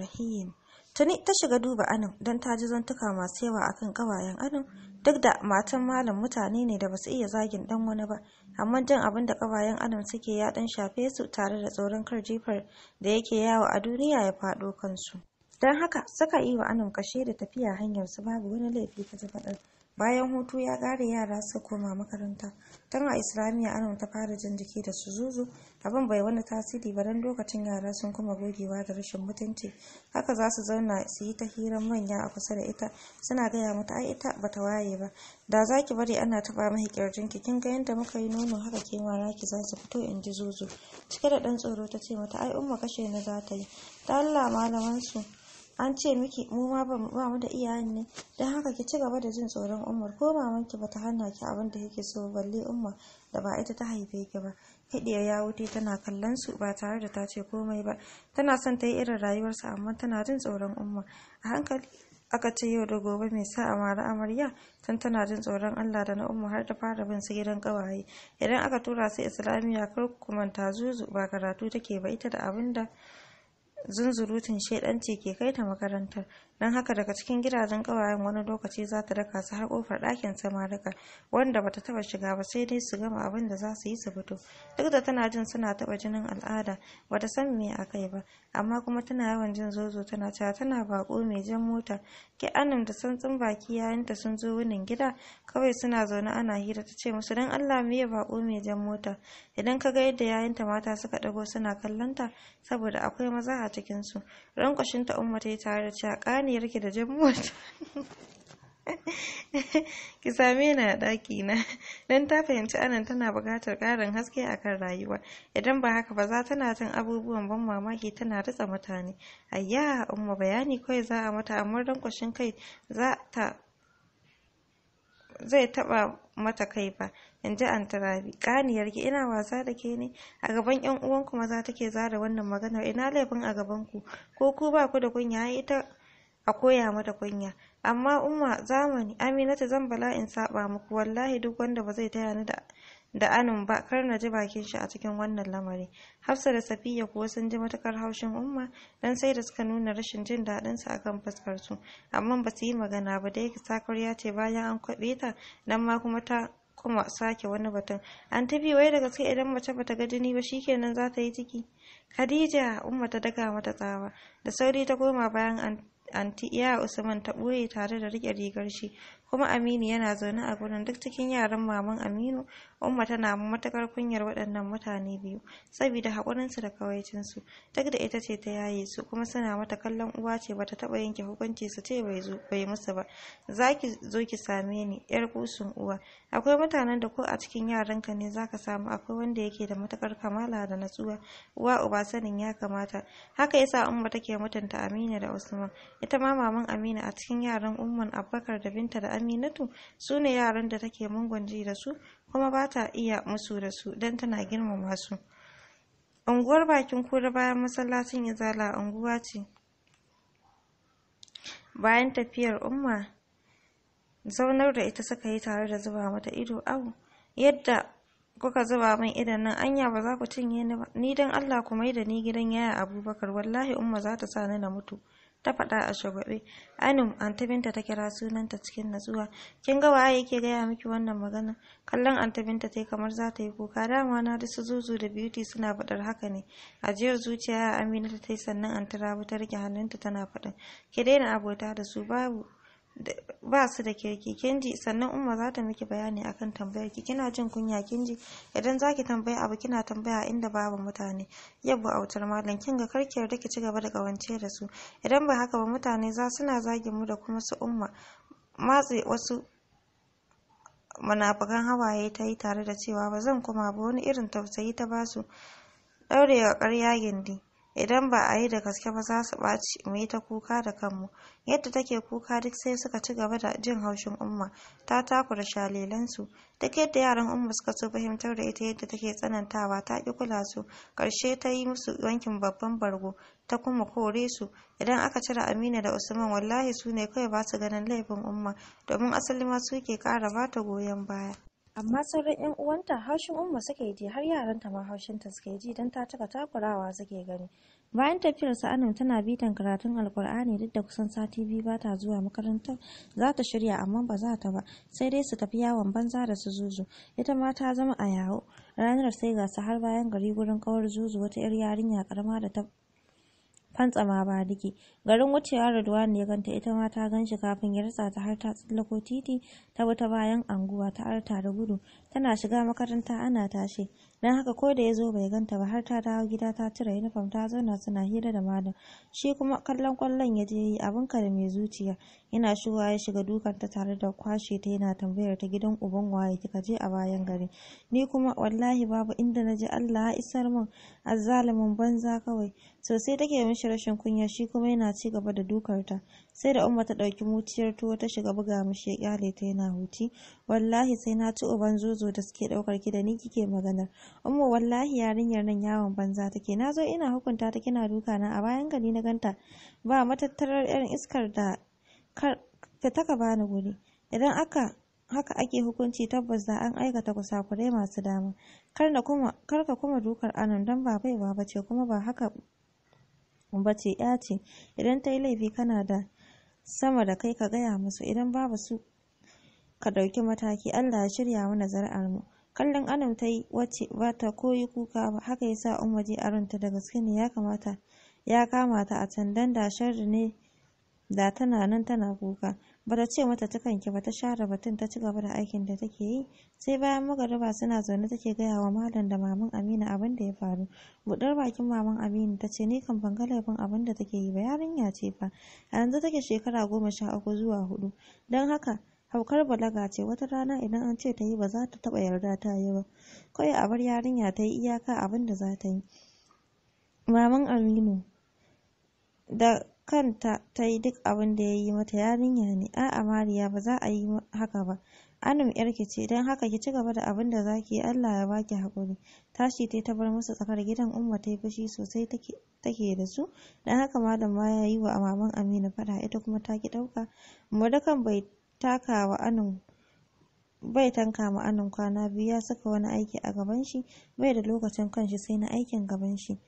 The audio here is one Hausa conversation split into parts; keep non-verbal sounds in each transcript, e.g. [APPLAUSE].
rahim tuni ta shiga duba anin don ta ji zantuka masu yawa a kan ƙawayen anin duk da matan malam mutane ne da ba su iya zagin ɗan wani ba amma jin abin da ƙawayen anin suke ya dan shafe su tare da tsoron kar jifar da yake yawo a duniya ya faɗo kansu don haka suka yi wa anin kashe da tafiya hanyar su babu wani laifi ta zuba bayan hutu ya ƙare yara su koma makaranta tun a islamiyya ana ta fara jin jiki da su zuzu abin bai wani tasiri ba don lokacin yara sun kuma gogewa da rashin mutunci haka za su zauna su yi ta hirar manya a kusa da ita suna gaya mata ai ita ba ta waye ba da za ki bari ana taɓa mahi kirjin ki kin ga yadda muka yi nono haka ke ma ki za su fito in ji zuzu cike da ɗan tsoro ta ce mata ai umma kashe na za ta yi ta Allah malaman su an ce miki mu ma ba mu da iyayen ne don haka ki ci gaba da jin tsoron umar ko mamanki bata hana ki abin da yake so balle umar da ba ita ta haife ki ba hidiyar ya wuce tana kallon su ba tare da ta ce komai ba tana son ta yi irin rayuwarsa amma tana jin tsoron umar a hankali aka ce yau da gobe mai sa a mara amarya tun tana jin tsoron Allah da na umar har ta fara bin su gidan kawaye idan aka tura su islamiyya kar ku manta zuzu ba karatu take ba ita da abin zunzurutun shedanci ke kai ta makarantar don haka daga cikin gidajen ƙawayen wani lokaci za ta raka su har kofar ɗakin samarika wanda bata taba shiga ba sai dai su gama abin da za su yi su fito duk da tana jin suna taba jinin al'ada bata san me a kai ba amma kuma tana yawan jin zozo tana cewa tana bako mai jan mota ke anan da santsin baki yayin ta sun zo wunin gida kawai suna zaune ana hira ta ce musu dan Allah me ya bako mai jan mota idan ka ga yadda yayin ta mata suka dago suna kallon ta saboda akwai maza a a cikinsu rankwashin ta umma ta yi tare da cewa ƙaniyar ki da jammuwar [LAUGHS] ki same ni a ɗaki na don ta fahimci anan tana buƙatar ƙarin haske akan rayuwa idan ba haka ba za tana jin abubuwan ban mamaki tana ritsa mutane ayya umma bayani kawai za a mata amma rankwashin kai za ta zai taba mata kai ba in ji antirabi ƙaniyar ki ina wasa da ke ne a gaban yan uwanku maza take zara wannan maganar ina laifin a gaban ku ko ku ba ku da kunya ai ita a koya mata kunya amma umma zamani aminata zan bala in saba muku wallahi duk wanda ba zai taya ni da da anun ba kar na ji bakin shi a cikin wannan lamari hafsa da safiya kuwa sun ji matukar haushin umma dan sai da suka nuna rashin jin daɗin su akan fuskar su amma ba su yi magana ba dai sakarya ce bayan an kwabe ta nan ma kuma ta kuma sake wani batun an tafi wai da gaske idan mace bata ga jini ba shikenan za ta yi ciki khadija umma ta daga mata tsawa da sauri ta koma bayan an anti iya usman ta ɓoye tare da riƙe rigar shi kuma aminu yana zaune a gurin duk cikin yaran maman aminu Umma tana matakar kunyar waɗannan mutane biyu saboda haƙurinsu da kawaicinsu duk da ita ce ta yaye su kuma suna mata kallon uwa ce bata taɓa yanke hukunci su ce bai zo bai musu ba za ki zo ki same ni ƴar kusun uwa akwai mutanen da ko a cikin yaranka ne zaka samu akwai wanda yake da matakar kamala da natsuwa uwa uba sanin ya kamata haka yasa umma take mutunta Amina da Usman ita ma maman Amina a cikin yaran umman Abubakar da Binta da Aminatu su ne yaran da take ji da su kuma ba ta iya musu da su don tana girmama su unguwar bakin kura bayan masallacin izala unguwa ce bayan tafiyar umma zaunar da ita suka yi tare da zuba mata ido au yadda kuka zuba min idan nan anya ba za ku cinye ni ba ni dan Allah ku mai da ni gidan yaya Abubakar wallahi umma za ta sa ni na mutu ta faɗa a shagwaɓe anum antabinta ta kira sunanta cikin natsuwa kin ga waye yake gaya miki wannan magana kallon antabinta binta tai kamar za ta yi kuka dama na da su zuzu da beauty suna faɗar haka ne ajiyar zuciya amina ta tai sannan anti rabu ta rike hannunta tana faɗin ki daina abota da su babu ba su da kirki kinji sannan umma za ta miki bayani akan tambayar ki kina jin kunya kinji idan za ki tambaya abu kina tambaya inda babu mutane yabbu autar malam kin ga karki yarda ki cigaba da kawance da su idan ba haka ba mutane za suna zagin mu da kuma su umma matse wasu munafukan hawaye ta yi tare da cewa ba zan koma ba wani irin tausayi ta basu wa karya gindi idan ba a yi da gaske ba za su ɓaci mu yi ta kuka da kanmu yadda take kuka duk sai suka ci gaba da jin haushin umma ta takura shalelansu duk yadda yaran umma suka so fahimtar da ita yadda take tsanantawa ta ki kula su karshe ta yi musu wankin babban bargo ta kuma kore su idan aka cire amina da usman wallahi su ne kawai ba su ganin laifin umma domin asali ma su ke kara ba ta goyon baya amma sauran yan uwanta haushin umma yi ji har yaran yaranta ma suka suke ji dan ta cika takurawa suke gani bayan tafiyar anan tana bitan karatun alkur'ani duk da kusan sati biyu ba ta zuwa makarantar za ta shirya amma ba za ta ba sai dai su tafi yawon banza da su zuzu ita ma ta zama a yawo ranar sai ga su har bayan gari gurin kawar zuzu wata 'yar yarinya karama da ta ba bariki garin wucewa Radwan ya ganta ita ma ta ganshi kafin ya rasa ta har ta tsallako titi ta wuta bayan anguwa ta arta da gudu tana shiga makaranta ana tashi dan haka ko da ya zo bai ganta ba har ta dawo gida ta cire uniform ta zauna suna hira da malam shi kuma kallon kwallon ya je yi abin ka da mai zuciya yana shigowa ya shiga dukanta tare da kwashe ta yana tambayar ta gidan uban waye kika je a bayan gari ni kuma wallahi babu inda na ji Allah ya isar min azzalumin banza kawai sosai take mishi rashin kunya shi kuma yana ci gaba da dukarta sai da umma ta dauki muciyar tuwo ta shiga buga mishi ya kyale ta yana huti wallahi sai na ci uban zozo da suke daukar ki da ni kike magana umma wallahi yarinyar nan yawon banza take nazo ina hukunta ta kina duka na a bayan gari na ganta ba matattarar irin iskar da ka taka bani guri idan aka haka ake hukunci tabbas da an aikata kusakurai masu dama kar kuma ka kuma dukar anan dan ba bai ba ce kuma ba haka bace ya ce idan ta yi laifi kana da sama da kai ka gaya musu idan babu su ka ɗauki mataki Allah ya shirya mana zari'ar mu kallon anan ta yi wacce ba ta koyi kuka ba haka yasa umma je aranta da gaske ne ya kamata ya kama ta a can dan da sharri ne da tana nan tana kuka bata ce mata tukan ki ba ta share batun ta ci gaba da aikin da take yi sai bayan magariba suna zaune take gaya wa malam da maman amina abin da ya faru budar bakin maman amina ta ce ni kan ban laifin abin da take yi ba yarinya ce fa a yanzu take shekara goma sha uku zuwa hudu don haka haukar balaga ce wata rana idan an ce ta yi ba za ta taba yarda ta yi ba kawai a bar yarinya ta yi iyaka abin da za ta yi maman aminu da kanta ta yi duk abin da ya yi mata yarinya ne a'a mariya ba za a yi haka ba anum yarki ce don haka ki ci gaba da abin da za ki yi allah ya baki haƙuri tashi ta ta bar musu tsakar gidan umma ta yi fushi sosai take da su don haka malam ma ya yi wa maman amina faɗa ita kuma ta ki ɗauka madakan bai taka wa anum bai tanka ma anan kwana biyu ya saka wani aiki a gaban shi bai da lokacin kanshi sai na aikin gaban shi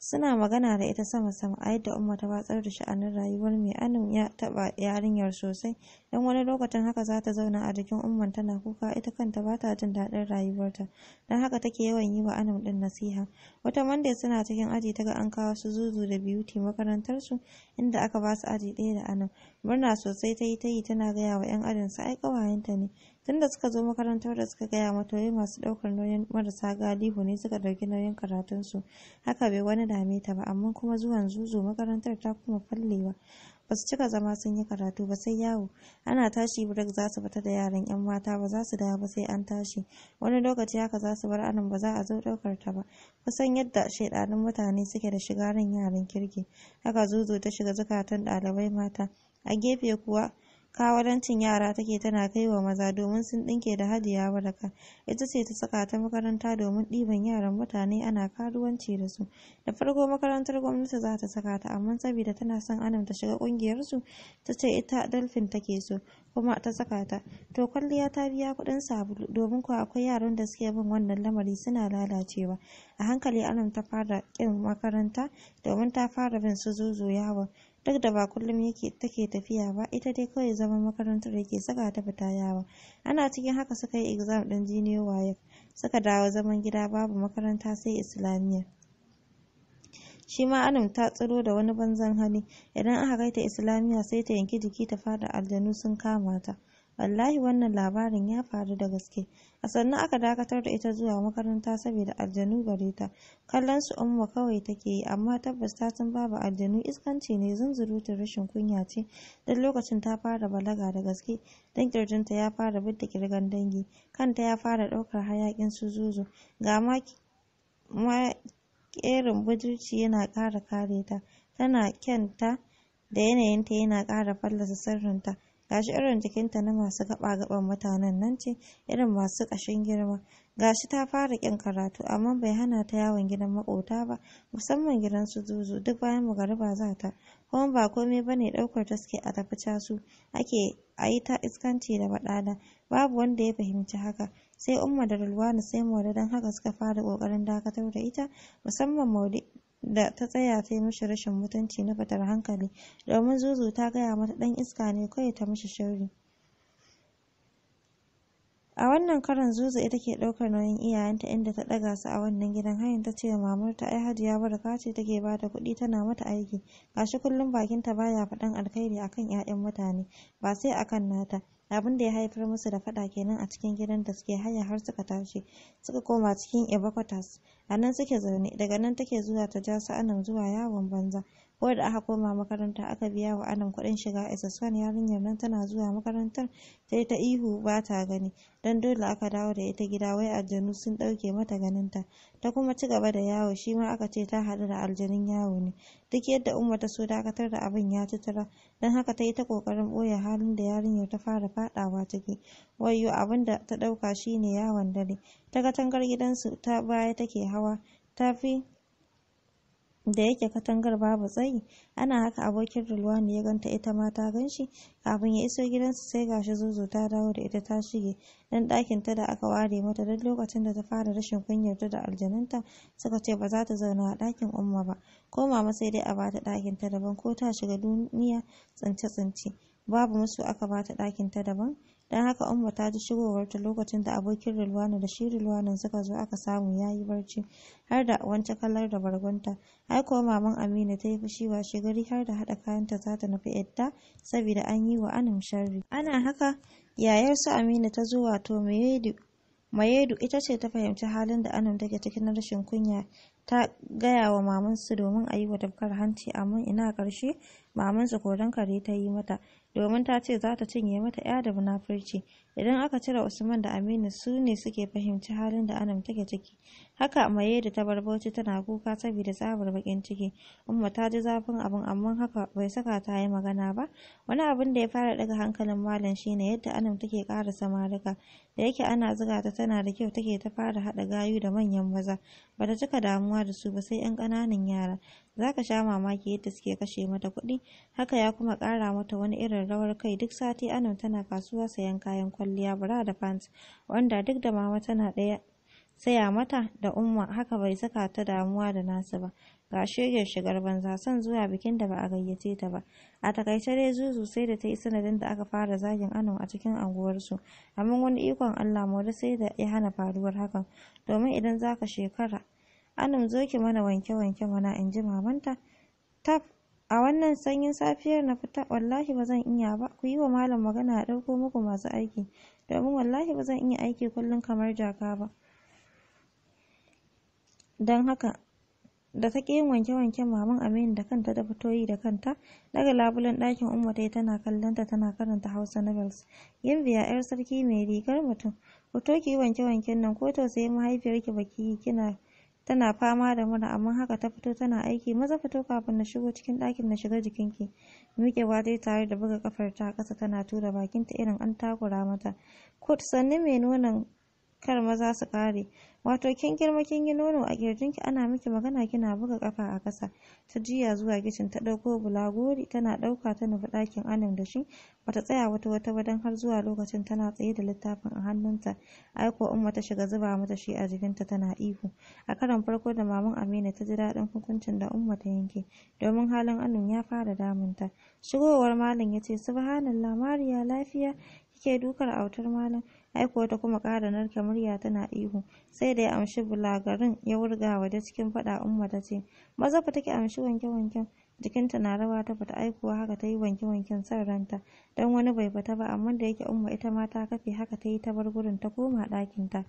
suna magana da ita sama sama a yadda umma ta watsar da sha'anin rayuwar mai anin ya taba yarinyar sosai dan wani lokacin haka za ta zauna a jikin umman tana kuka ita kanta ba ta jin daɗin rayuwarta dan haka take yawan yi wa anin din nasiha wata monday suna cikin aji ta ga an kawo su zuzu da beauty makarantar su inda aka ba su aji ɗaya da anan murna sosai ta yi ta yi tana gaya wa yan ajin su ai ƙawayenta ne tun da suka zo makarantar da suka gaya mata wai masu ɗaukar nauyin marasa galihu ne suka ɗauki nauyin karatunsu haka bai wani dame ta ba amma kuma zuwan zuzu makarantar ta kuma fallewa ba su cika zama sun yi karatu ba sai yawo ana tashi break za su fita da yaran yan mata ba za su dawo ba sai an tashi wani lokaci haka za su bar anan ba za a zo ɗaukar ta ba kusan yadda shaidanin mutane suke da shiga ran yaran kirki haka zuzu ta shiga zukatan ɗalibai mata a gefe kuwa kawadancin yara take tana kai wa maza domin sun ɗinke da hajiya baraka ita ce ta saka ta makaranta domin ɗiban yaran mutane ana karuwanci da su da farko makarantar gwamnati za ta saka ta amma saboda tana son anam ta shiga ƙungiyar su ta ce ita dalfin take so kuma ta saka ta to kwalliya ta biya kuɗin sabulu domin ko akwai yaran da suke bin wannan lamari suna lalacewa a hankali anam ta fara ƙin makaranta domin ta fara bin su zuzu yawon duk da ba kullum yake take tafiya ba ita dai kawai zaman makarantar yake saka ta fita yawa ana cikin haka suka yi exam din junior waye suka dawo zaman gida babu makaranta sai islamiyya shi ma ta tsiro da wani banzan hali idan aka kai ta islamiyya sai ta yanki jiki ta fada aljanu sun kama ta wallahi wannan labarin ya faru da gaske a sannan aka dakatar da ita zuwa makaranta saboda aljanu gare ta kallon su umma kawai take yi amma tabbas ta san babu aljanu iskanci ne zunzurutun rashin kunya ce dan lokacin ta fara balaga da gaske dan kirjinta ya fara bidda kirgan dangi kanta ya fara daukar hayakin su zuzu ga ma kerin budurci yana ƙara kare ta tana kyanta da yanayinta yana ƙara fallasa sirrinta gashi irin jikinta na masu gaba-gaban mutanen nan ce irin masu ƙashin girma gashi ta fara ƙin karatu amma bai hana ta yawon gidan maƙota ba musamman gidan su zuzu duk bayan magariba za ta kuma ba komai bane ɗaukar ta suke a tafi casu ake a yi ta iskanci da baɗala babu wanda ya fahimci haka sai umma da rulwani sai mauda don haka suka fara ƙoƙarin dakatar da ita musamman maude da ta tsaya ta yi mishi rashin mutunci na fatar hankali domin zuzu ta gaya mata ɗan iska ne kawai ta mishi shiri a wannan karan zuzu ita ke ɗaukar nauyin iyayenta inda ta ɗaga su a wannan gidan hayan ta ce mamar ta ai hajiya barka ce take ba da kuɗi tana mata aiki gashi kullum bakinta baya faɗan alkhairi akan 'ya'yan mutane ba sai akan nata abin da ya haifar musu da fada kenan a cikin gidan da suke haya har suka tashi suka koma cikin evacuators a nan suke zaune daga nan take zuwa ta ja sa'anan zuwa yawon banza ko da aka koma makaranta aka biya wa anan kudin shiga ss yarinyar nan tana zuwa makarantar yi ta ihu ba ta gani don dole aka dawo da ita gida wai aljanu sun ɗauke mata ganinta ta kuma ci gaba da yawo shi ma aka ce ta haɗu da aljanun yawo ne duk yadda umma ta so dakatar da abin ya tutura don haka ta yi ta kokarin ɓoye halin da yarinyar ta fara faɗawa ciki wayo abin da ta ɗauka shine yawon dare ta ga katangar gidansu ta baya take hawa ta fi da yake katangar babu tsayi ana haka abokin rulwani ya ganta ita ma ta ganshi kafin ya iso gidansu sai gashi zuzu ta dawo da ita ta shige dan ɗakin ta da aka ware mata don lokacin da ta fara rashin kunyar ta da aljanunta suka ce ba za ta zauna a ɗakin umma ba ko mama sai dai a bata ɗakin ta daban ko ta shiga duniya tsince-tsince babu musu aka bata ɗakin ta daban don haka umma ta ji shigowarta lokacin da abokin rilwana da shi rilwanin suka zo aka samu ya yi barci har da wancan kallar da bargonta ai kuwa maman amina ta yi fushi wa gari har da haɗa kayanta za ta nufi yadda saboda an yi wa anum sharri ana haka yayar su amina ta zo wato mayedu mayedu ita ce ta fahimci halin da anim take cikin rashin kunya ta gaya wa mamansu domin a yi wa tafkar hanci amma ina ƙarshe mamansu koran kare ta yi mata domin ta ce za ta cinye mata ya da munafurci idan aka cire usman da aminu su ne suke fahimci halin da anam take ciki haka maye da ta bar bauchi tana kuka saboda tsabar bakin ciki umma ta ji zafin abin amma haka bai saka ta yi magana ba wani abin da ya fara daga hankalin malam shine yadda anam take ƙara samarika da yake ana zuga ta tana da kyau take ta fara haɗa gayu da manyan maza Ba ta cika damuwa da su ba sai yan ƙananan yara za ka sha mamaki yadda suke kashe mata kuɗi haka ya kuma ƙara mata wani irin rawar kai duk sati anan tana kasuwa sayan kayan kwalliya bra da pants wanda duk da mama tana ɗaya saya mata da umma haka bai saka ta damuwa da nasu ba ga shirya shigar banza san zuwa bikin da ba a gayyace ta ba a takaice dai zuzu sai da ta yi sanadin da aka fara zagin anon a cikin anguwarsu amma wani ikon allah da sai da ya hana faruwar hakan domin idan za ka shekara anum zo ki mana wanke wanke mana in ji mamanta ta a wannan sanyin safiyar na fita wallahi ba zan iya ba ku yi wa malam magana a ɗauko muku masu aiki domin wallahi ba zan iya aiki kullum kamar jaka ba don haka da ta yin wanke-wanke maman aminu da kanta da yi da kanta daga labulen ɗakin umma dai tana kallonta tana karanta hausa novels yin biya yar sarki mai rigar mutum fito ki yi wanke-wanken nan ko tausayin mahaifiyarki baki kina tana fama da mura amma haka ta fito tana aiki maza fito kafin na shigo cikin ɗakin na shiga jikinki miƙewa dai tare da buga kafar ta ƙasa tana tura bakinta irin an takura mata kut sannu mai nonon kar maza su kare wato kin girma kin yi nono a ki ana miki magana kina buga kafa a ƙasa ta jiya zuwa kicin ta ɗauko bulagori tana ɗauka ta nufi ɗakin anan da shi bata tsaya wata wata wadan har zuwa lokacin tana tsaye da littafin a hannunta aiko umma ta shiga zuba mata shi a ta tana ihu a karon farko da maman amina ta ji daɗin hukuncin da umma ta yanke domin halin anan ya fara damunta shigowar malam ya ce subhanallah mariya lafiya kike dukar autar malam ai ta kuma ƙara narka murya tana ihu sai da ya amshi bulagarin ya wurga waje cikin faɗa umma ta ce maza fa take amshi wanke-wanken jikinta na rawa ta fita aikuwa haka ta yi wanke-wanken san ranta don wani bai fita ba amma da yake umma ita ma ta kafe haka ta yi ta bar gurin ta koma ɗakinta.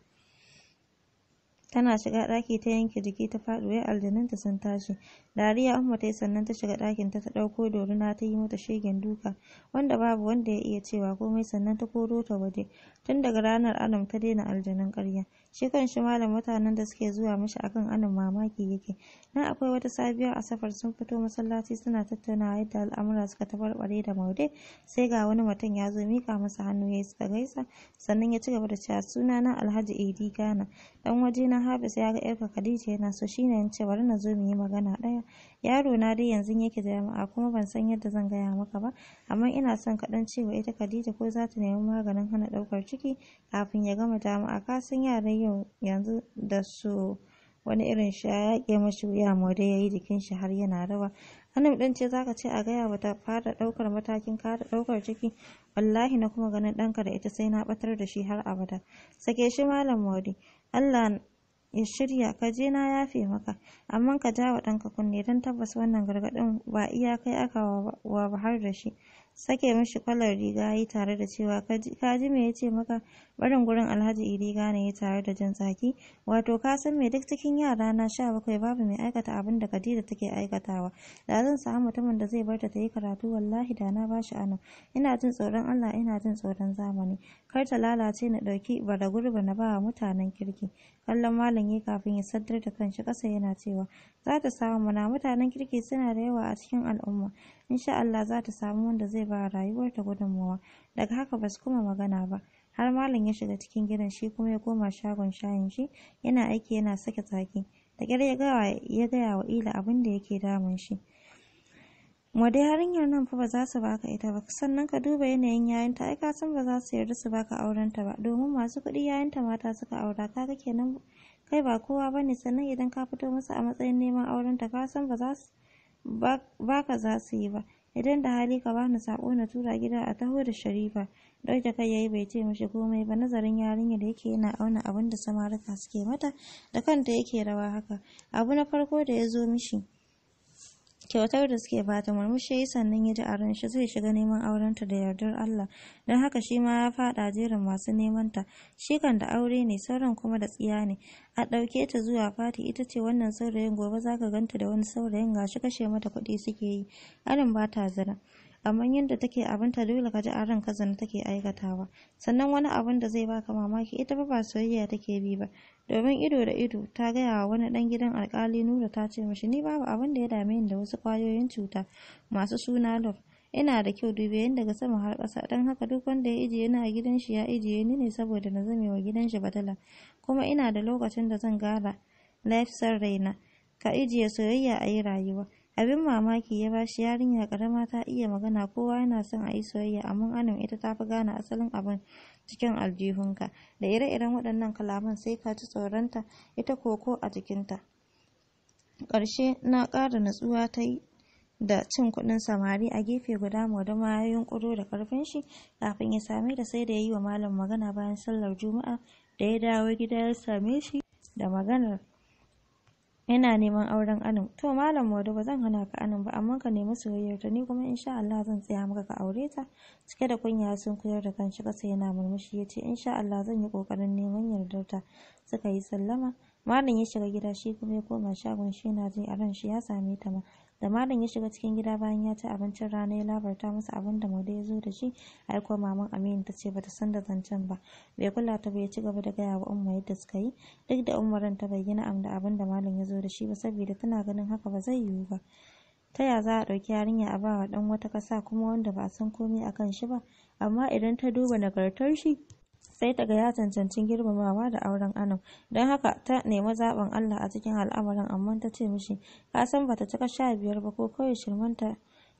tana shiga ɗaki ta yanke jiki ta faɗo wai aljanunta sun tashi dariya umma ta yi sannan ta shiga ɗakin ta ta ɗauko doruna ta yi mata shegen duka wanda babu wanda ya iya cewa komai sannan ta koro ta waje tun daga ranar adam ta daina aljanun ƙarya shi kanshi malam mutanen da suke zuwa mashi akan anin mamaki yake nan akwai wata sabiyar asabar sun fito masallaci suna tattaunawa yadda al'amura suka tabarbare da maude sai ga wani mutum ya zo mika masa hannu ya suka gaisa sannan ya ci gaba da cewa suna na alhaji idi gana dan waje na habis ya ga yarka khadija yana so shine ya ce bari na zo mu yi magana ɗaya. yaro na dai yanzu yake jami'a kuma ban san yadda zan gaya maka ba amma ina son ka dan cewa ita Khadija ko za ta nemi maganin hana daukar ciki kafin ya gama jami'a ka san yaran yau yanzu da su wani irin sha ya ke mashi wuya mode yayi jikin shi har yana rawa anan dan ce za ka ce a gaya mata fara daukar matakin kare daukar ciki wallahi na kuma ganin danka da ita sai na batar da shi har abada sake shi malam mode Allah ya shirya ka je na yafe maka amma ka ja wa ɗanka kunne don tabbas wannan gargaɗin ba iya kai aka wa har da shi sake mashi kwalar riga yayi tare da cewa ka ji me yace maka barin gurin alhaji idi gane ya tare da jin tsaki wato ka san me duk cikin yara na sha bakwai babu mai aikata abin da kadira take aikatawa da zan samu mutumin da zai barta ta yi karatu wallahi da na bashi ana ina jin tsoron allah ina jin tsoron zamani kar ta lalace na ɗauki bara gurbi na ba mutanen kirki kallon malam ya kafin ya saddar da kanshi ƙasa yana cewa za ta samu mana mutanen kirki suna da yawa a cikin al'umma insha Allah za ta samu wanda zai ba ta gudunmawa daga haka ba su kuma magana ba har malam ya shiga cikin gidan shi kuma ya koma shagon shayin shi yana aiki yana sake tsaki da ƙyar ya gaya wa ila abin da yake damun shi dai harinyar nan fa ba za su baka ita ba sannan ka duba yanayin yayanta ai ka san ba za su yarda su baka auren ta ba domin masu kuɗi yayanta mata suka aura ga kenan kai ba kowa bane sannan idan ka fito musu a matsayin neman auren ta ka san ba za su ba ka za su yi ba idan da hali ka bani sako na tura gida a taho da sharifa da kai yayi bai ce mishi komai ba nazarin yarinya da yake yana auna abin da samarika suke mata da kanta yake rawa haka abu na farko da ya zo mishi kyautar da suke bata murmushi yi sannan ya ji a ran shi zai shiga neman aurenta da yardar Allah don haka shi ma ya faɗa jerin masu nemanta shi kan da aure ne sauran kuma da tsiya ne a ɗauke ta zuwa fati ita ce wannan saurayin gobe zaka ganta da wani saurayin ga shi kashe mata kuɗi suke yi arin ba ta zira amma yadda take abinta dole ka ji a ranka zana take aikatawa sannan wani abin da zai baka mamaki ita ba ba soyayya take bi ba domin ido da ido ta gaya wa wani dan gidan alkali nura ta ce mishi ni babu abin da ya dame ni da wasu kwayoyin cuta masu suna love ina da kyau dubiyan daga sama har kasa dan haka duk wanda ya ijiye ni a gidan shi ya ijiye ni ne saboda na zame wa gidan shi batala kuma ina da lokacin da zan gara lafisar raina ka ijiye soyayya a yi rayuwa abin mamaki ya bashi yarinya karama ta iya magana kowa yana son a yi soyayya amma anan ita ta fi gane asalin abin cikin aljihunka da ire-iren waɗannan kalaman sai ka ci tsoronta ita koko a jikinta ƙarshe na ƙara natsuwa ta yi da cin kuɗin samari a gefe guda da ma yunƙuro da ƙarfin shi kafin ya same da sai da ya yi wa malam magana bayan sallar juma'a da ya dawo gida ya same shi da maganar yana neman auren anin to malam wado ba zan hana ka anin ba amma ka nemi soyayyar ta ni kuma insha Allah zan tsaya maka ka aure ta cike da kunya sun koyar da kanshi kasa yana murmushi ya ce insha Allah zan yi kokarin neman yardar ta suka yi sallama malam ya shiga gida shi kuma ya koma shagon shi yana ji a ran shi ya same ta ma da malam ya shiga cikin gida bayan ya ci abincin rana ya labarta masa abun da maude ya zo da shi ai ko maman aminu ta ce bata san da zancen ba bai kula ta bai ci gaba da gaya wa umma yadda suka yi duk da umaran ta bayyana am da abin da malam ya zo da shi ba saboda tana ganin haka ba zai yiwu ba ta ya za a ɗauki yarinya a ba wa ɗan wata ƙasa kuma wanda ba a san komai akan shi ba amma idan ta duba nagartar shi sai daga ya cancanci girmamawa da auren anan don haka ta nemi zaben allah a cikin al'amarin amma ta ce mishi ka san bata cika sha biyar ba ko kawai shirmanta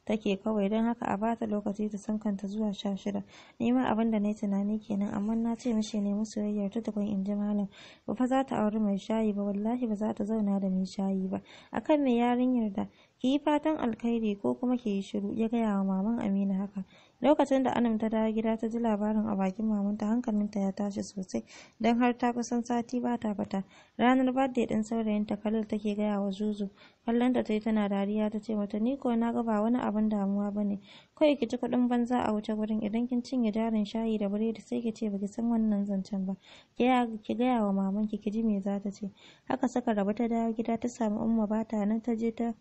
take kawai don haka a bata lokaci ta san kanta zuwa sha shida nima abin da na yi tunani kenan amma na ce mishi ne soyayyar ta tukun in ji malam ba fa za ta auri mai shayi ba wallahi ba za ta zauna da mai shayi ba akan me yarinyar da ki yi fatan alkhairi ko kuma ki yi shiru ya gaya wa maman amina haka lokacin da anam ta dawo gida ta ji labarin a bakin mamanta hankalinta ya tashi sosai don har ta kusan sati ba ta fata ranar birthday din saurayinta kalil take gaya wa zuzu kallon ta yi tana dariya ta ce mata ni ko na ga ba wani abin damuwa ba ne kawai ki ci kuɗin banza a wuce gurin idan kin cinye jarin shayi da biredi sai ki ce ba ki san wannan zancen ba ki gaya wa mamanki ki ji me za ta ce haka saka rabu ta dawo gida ta samu umma ba ta nan ta je ta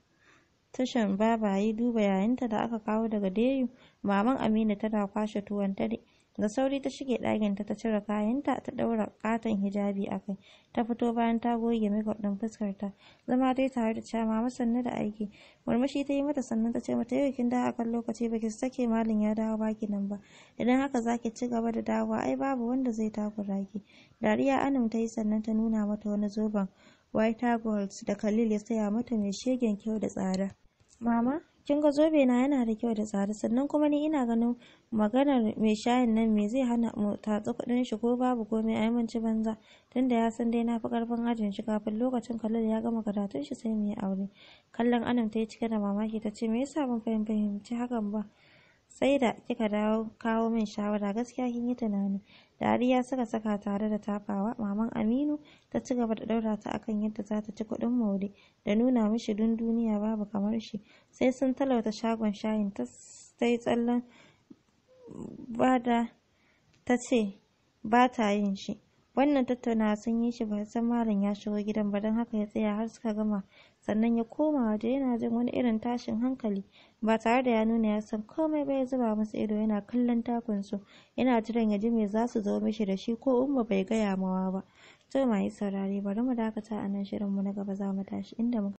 Tushen baba ya duba yayinta da aka kawo daga Deyu, maman Amina tana kwashe tuwon tare. Da sauri ta shige ɗakinta ta cire kayanta ta ɗaura katon hijabi a kai. Ta fito bayan ta goge makeup ɗin fuskarta. Zama dai tare da cewa mama sannu da aiki. Murmushi ta yi mata sannan ta ce mata yau kin dawo akan lokaci ba ki sake malin ya dawo baki nan ba. Idan haka zaki ci gaba da dawowa ai babu wanda zai takura ki. Dariya Anum ta yi sannan ta nuna mata wani zoben White Golds da Khalil ya saya mata mai shegen kyau da tsada. Mama, kin ga zobe na yana da kyau da tsada sannan kuma ni ina ganin maganar mai shayin nan me zai hana mu tatsi kuɗin shi ko babu komai ai mun ci banza tunda ya san dai na fi karfin ajin shi kafin lokacin Khalil ya gama karatun shi sai mu yi aure. Kallon Anam ta yi cike da mamaki ta ce me yasa ban fahimci hakan ba. sai da kika dawo kawo min shawara gaskiya kin yi tunani dariya suka saka tare da tafawa maman aminu ta ci gaba da daura ta akan yadda za ta ci kuɗin maude da nuna mishi dun duniya babu kamar shi sai sun talauta shagon shayin ta sai tsallan bada ta ce ba ta yin shi wannan tattaunawa sun yi shi ba san malam ya shigo gidan ba don haka ya tsaya har suka gama sannan ya koma waje yana jin wani irin tashin hankali ba tare da ya nuna ya san komai ba ya zuba musu ido yana kallon takunsu yana jiran ya ji me za su zo mishi da shi ko umma bai gaya mawa ba to mai saurare bari mu dakata a nan shirinmu na gaba za mu tashi inda muka